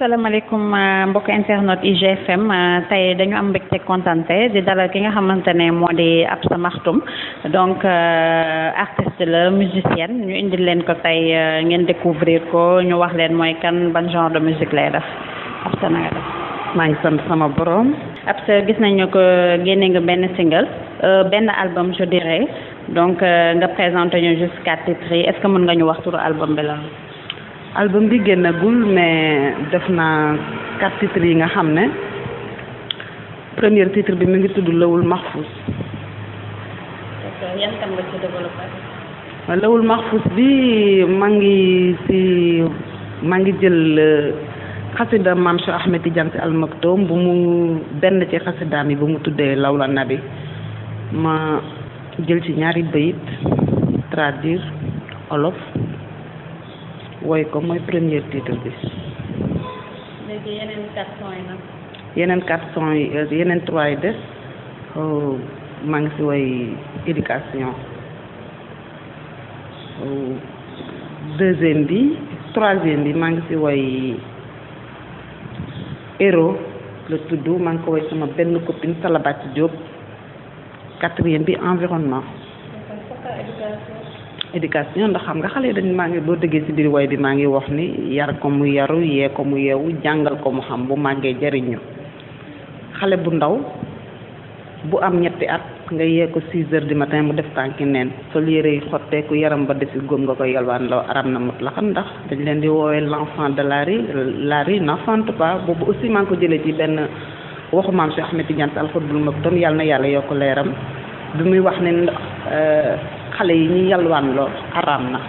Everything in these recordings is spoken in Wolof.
salaamaaleykum euh, mbokk internet IGFM euh, tey dañu am mbégte kontante di dalal ki nga xamante ne moo di Absa Makhtoum donc euh, artiste la musicienne ñu indil leen ko tey ngeen découvrir ko ñu wax leen mooy kan ban genre de musique lay def Absa na nga def. maa ngi sant sama borom. Absa gis nañu ko génne nga benn single benn album je dirais donc nga présenté ñu juste quatre titres est-ce que mën nga ñu wax turu album bi la. album bi génnagul mais def naa quatre titres yi nga xam ne premier titre bi mi ngi tudd Lawul Mahfous. yan Lawul Mahfous bi maa ngi si maa ngi jël euh, xasida maam Cheikh Ahmed Tidiane Sy Al bu mu benn ci xasidaam yi bu mu tuddee Lawla Nabi ma jël ci ñaari bayit traduire olof. woy ko mooy premier titre bi. léegi yeneen quatre sons yi nag. yeneen quatre sons yi yeneen trois yi des maa ngi si woy éducation deuxième bi troisième bi maa ngi si woy héros la tudd maa ngi ko woy sama benn copine Salabati Diop quatrième bi environnement. éducation ndax xam nga xalé dañ ma ngi déggé ci biir way bi ma ngi wax ni yar ko mu yaru yé ko mu yewu jangal ko mu xam bu magge jariñu xalé bu ndaw bu am ñetti at nga yé ko 6 heures du matin mu def tanki neen sol yi yaram ba def gom nga ko yalwaan lo aram na mut la xam ndax dañ leen di woowé l'enfant de la rue la rue n'enfante pas bobu aussi ma ko jëlé ci ben waxu maam cheikh ahmed tidiane al yalla na yalla yok leeram bi muy wax ne euh xalé yi ñi yalwaan loo araam na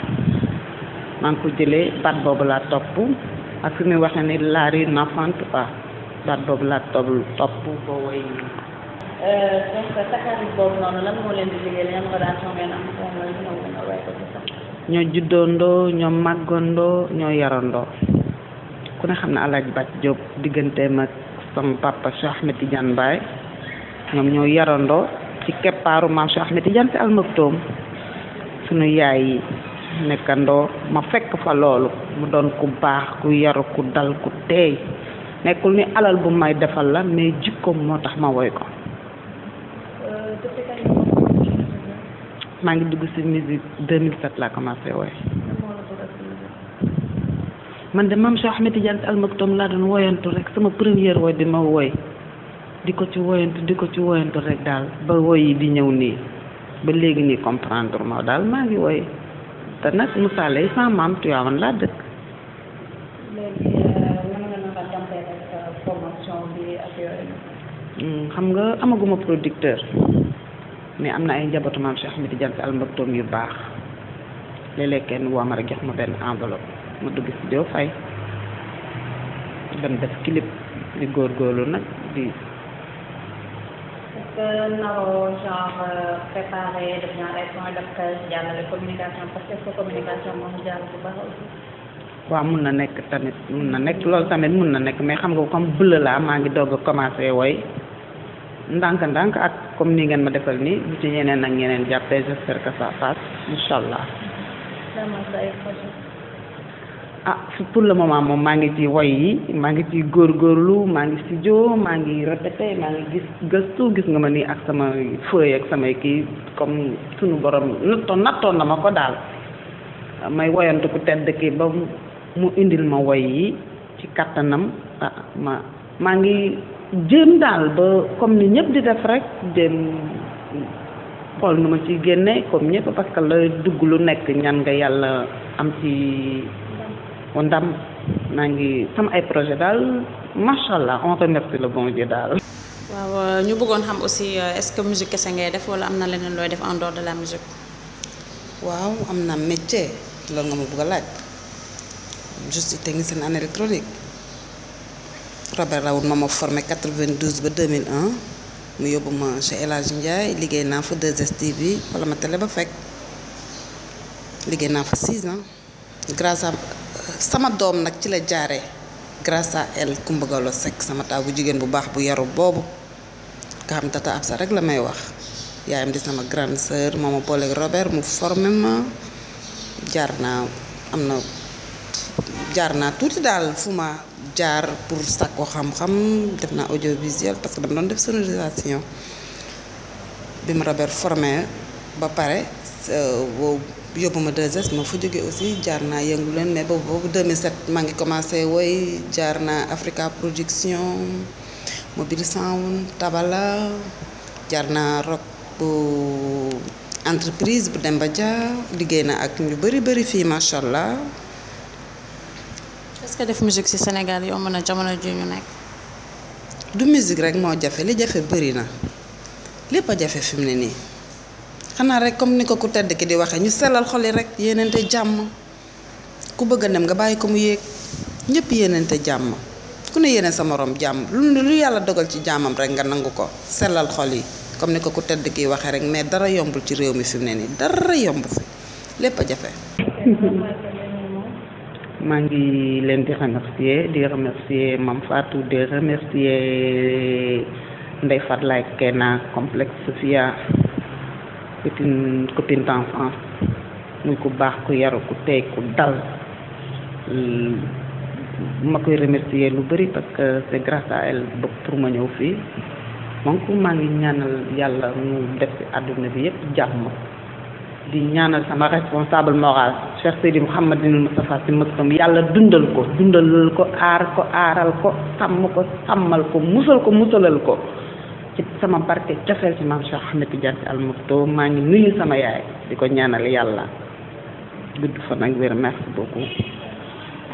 maa ngi ko jëlee bat boobu laa topp ak fi muy waxee ni laari n'enfante pas baat boobu laa topp topp ba woy la ñu mën a way ñoo juddoondoo ñoo màggandoo ñoo yarandoo ku ne xam ne alaaj Bat Diop digganteem ak sama papa Cheikh Ahmed Tidiane Baye ñoom ñoo yarandoo ci keppaaru maam Cheikh Ahmed Tidiane si almaktoom sunu yaay yi nekkandoo ma fekk fa loolu mu doon ku baax ku yaru ku dal ku teey nekkul ni alal bu may defal la mais jikkoom moo tax ma woy ko maa ngi dugg ci musique 2007 laa commencé woy man de maam Cheikh Ahmed Tidiane Al Maktoum laa doon woyantu rek sama première woy di ma woy di ko ci woyantu di ko ci woyantu rek daal ba woy yi di ñëw nii ba léegi nii comprendre ma daal maa ngi woy te nag Moussa Leye sama maam Tivaouane laa dëkk. Euh, euh, hmm, xam nga amaguma producteur mais am na ay njabootu maam Cheikh Al Maktoum yu baax léeg-léeg kenn woo ma rek jox ma benn enveloppe ma dugg studio fay dem def clip di góorgóorlu nag di. que mun na nekk tamit mun na nekk loolu tamit mun na nekk mais xam nga comme bële maa ngi doog a commencé woy ndànk-ndànk ak comme nii ngeen ma defal nii bu ci ñeneen ak ñeneen jàppee j'espère que ça passe ah pour le moment moom maa ngi ci woy yi maa ngi ci góor góorlu maa ngi studio maa ngi répété maa ngi gis gëstu gis nga ma ni ak sama feuille ak samay kii comme sunu borom nattoon nattoon na ma ko daal may woyante ku tedd ki ba mu indil ma woy yi ci kattanam ah ma maa ngi jéem daal ba comme ni ñëpp di def rek jéem xool nu ma ci génne comme ñëpp parce que la dugg lu nekk ñaan nga yàlla am ci ndam maa ngi sama ay projet dal machallah on remercie le bon Dieu dal waaw ñu bëggoon xam aussi euh, est-ce que musique kese ngay def wala am na leneen looy def en dehors de la musique. waaw am na métier loolu nga ma bëgg a laaj je suis technicienne en électronique Robert Raoult ma ma formé 92 ba 2001 mu yóbbu ma chez Elage Hadj Ndiaye liggéey naa fa 2STV wala ma télé ba fekk liggéey naa fa 6 ans grâce à. sama doom nag ci la jaare grâce à elle Coumba Gawlo sama taabu jigéen bu baax bu yaru boobu nga xam tata Absa rek la may wax yaayam di sama grande sœur moo ma booleeg Robert mu formé ma jaar naa am na jaar naa tuuti daal fu ma jaar pour sàkku xam-xam def naa audiovisuel parce que dama doon def sonorisation bi ma Robert formé ba pare boobu euh, yóbbu ma 2S ma fa jógee aussi jaar naa yëngu leen mais boobu boobu 2007 maa ngi commencé woy jaar naa Africa Production Mobile Sound Tabala jaar naa rock bu entreprise bu Demba Dia liggéey na ak ñu bëri bëri fii macha allah. est que def musique ci Sénégal yomb na jamono ji ñu nekk. du musique rek moo jafe li jafe bëri na lépp a jafe fi mu ne nii. xana rek comme niko ku tedd ki di waxe ñu selal xol yi rek yéenante jamm ku bëgg a dem nga bayiko mu yek ñepp yéenante jamm ku ne yéene sa morom jamm lu lu yalla dogal ci jammam rek nga nangu ko selal xol yi comme niko ku tedd ki waxe rek mais dara yombul ci rew mi fi ne dara yomb fi lepp jafé jafe. len di remercier di remercier mam Fatou di remercier fat lay Kena complexe Sofia copine copine muy ku baax ku yaru ku tey ku dal ma koy remercier lu bëri parce que c'est grâce à elle ba ma ñëw fii donc maa ngi ñaanal yàlla mu def ci àdduna bi yépp jàmm di ñaanal sama responsable moral Cheikh Seydi Mouhamadinul Moustapha Sy Masscom yàlla dundal ko dundalal ko aar ko aaral ko sàmm ko sàmmal ko musal ko musalal ko ci sama barke cofeel ci maam Cheikh Ahmed Tidiane Al Maktoum maa ngi nuyu sama yaay di ko ñaanal yàlla gudd fan ak wér merci beaucoup.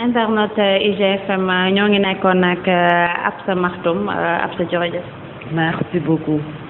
internet IGFM ñoo ngi nekkoon ak euh, Absa Maktoum euh, Absa jërëjëf. merci beaucoup.